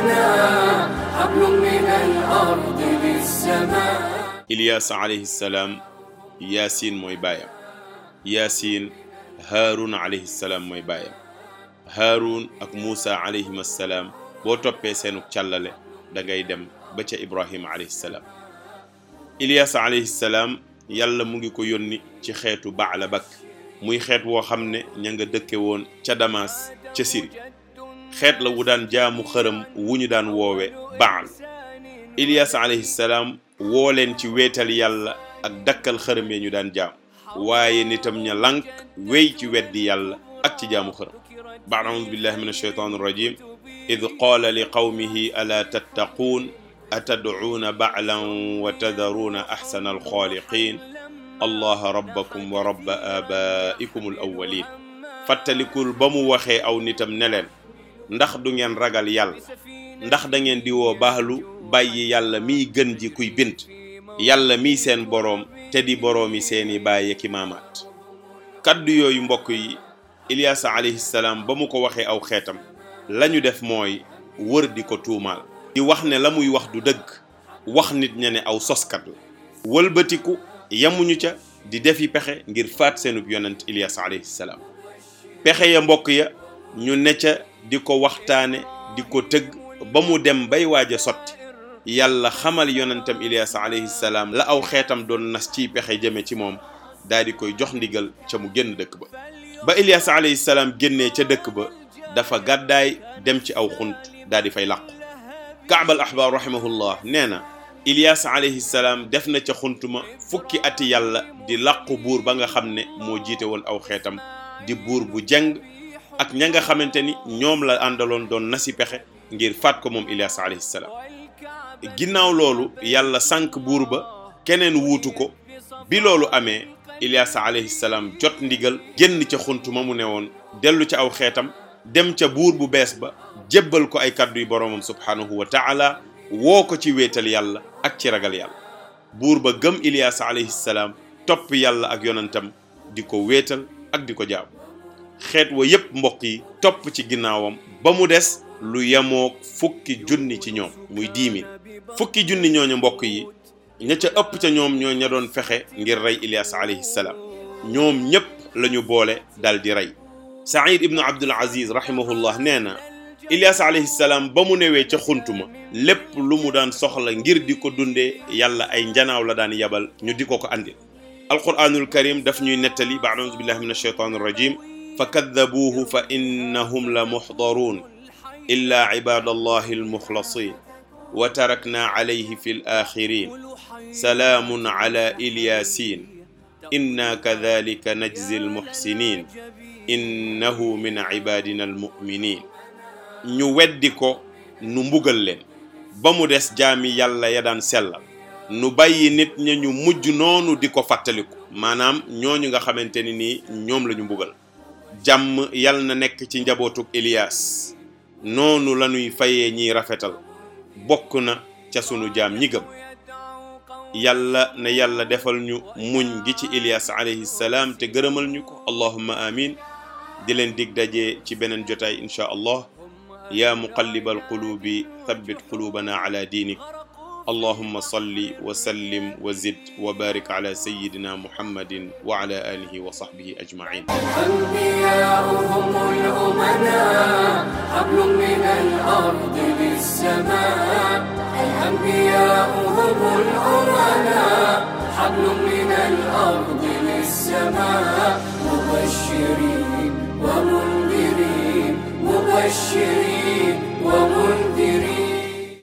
لنا حبل من الأرض للسماء Iliyaas alayhi salaam Yaasin mooy baayam salaam boo toppee seenu càllale da dem ba ca Ibrahima alayhi salaam Iliyaas salaam yàlla mu ngi ko yónni ci xeetu Baalabak muy xeet woo xam ne ña nga dëkke woon ca Damas ca Siri xeet la wu daan jaamu xërëm wu ñu daan woowe baal Ilias alayhi salaam woo leen ci weetal yàlla ak dakkal xërëm ya ñu daan jaam waaye nitam ña lànk wéy ci weddi yàlla ak ci jaamu xërëm baad audu billahi min alsheytan irrajim id qaala li qawmihi alaa tattaquun atadcuuna baclan wa tadaruuna axsana alxaaliqin allaha rabbakum wa rabba aabaikum al awalin fàttalikul ba mu waxee aw nitam ne leen ndax du ngeen ragal yàlla ndax dangeen ngeen di woo baalu bàyyi yàlla miy gën ji kuy bind yàlla miy seen boroom te di boroomi seeni baay ki maamaat kàddu yooyu mbokk yi Ilyaasa alayhi salaam ba mu ko waxee aw xeetam lañu def mooy wër di ko tuumaal di wax ne la muy wax du dëgg wax nit ña ne aw soskat la wëlbatiku yamuñu ca di defi pexe ngir faat seenub yonent Ilyaasa alayhi salaam pexe ya mbokk ya ñu ne ca di ko waxtaane di ko tëgg ba mu dem bay waaj a sotti yàlla xamal yonentam Ilias alayhi salaam la aw xeetam doon nas ciy pexe jëme ci moom daal di koy jox ndigal ca mu génn dëkk ba ba Ilias alayhi salaam génnee ca dëkk ba dafa gàddaay dem ci aw xunt daal di fay làqu Kaab al Ahbar rahimahullah nee na Ilias alayhi salaam def na ca ma fukki ati yàlla di làqu buur ba nga xam ne moo jiite woon aw xeetam di buur bu jeng ak ña nga xamante ni ñoom la àndaloon doon nasi pexe ngir faat ko moom Ilyas alayhi salaam ginnaaw loolu yàlla sànq buur ba keneen wuutu ko bi loolu amee Ilyas alayhi salaam jot ndigal génn ca xunt ma mu ne woon dellu ca aw xeetam dem ca buur bu bees ba jébbal ko ay kàddu yu boroomam subhaanahu wa taala woo ko ci wéetal yàlla ak ci ragal yàlla buur ba gëm Ilyas alayhi salaam topp yàlla ak yonentam di ko wéetal ak di ko jaaw xeet wa yépp mbokk yi topp ci ginnaawam ba mu des lu yemook fukki junni ci ñoom muy dix fukki junni ñooñu mbokk yi ña ca ëpp ca ñoom ñoo ña doon fexe ngir rey Ilyas alayhi salaam ñoom ñépp lañu boole dal di rey Saïd ibnu Abdul Aziz rahimahullah nee na Ilyas alayhi salaam ba mu newee ca ma lépp lu mu daan soxla ngir di ko dundee yàlla ay njanaaw la daan yabal ñu di ko ko andil alquranul karim daf ñuy nettali ba auzu billahi min ashaytan irrajim fa kaddabuuhu fa innahum la muxdaruun illaa cibaadallahi almuxlasin wa tarakna calayhi fi alaaxirin salaamun cala ilyaasiin inna kadalika najzi almuxsinin innahu min cibaadina almuminin ñu weddi ko nu mbugal leen ba mu des jaami yàlla ya daan sellal nu bàyyi nit ña ñu mujj noonu di ko fàttaliku maanaam ñooñu nga xamante ni nii ñoom la ñu mbugal jàmm yal na nekk ci njabootug Ilias noonu la ñuy faye ñiy rafetal bokk na ca sunu jaam ñi gëm yàlla na yàlla defal ñu muñ gi ci Ilias alayhi te gërëmal ñu ko allahumma amin di leen dig daje ci beneen jotaay incha allah yaa muqallibal qulubi thabbit qulubana ala diinik allahuma salli wa sallim wa zid wa barik ala sayidina muhammadin wa ala alihi wa sahbihi ajmain مبشرين ومنذرين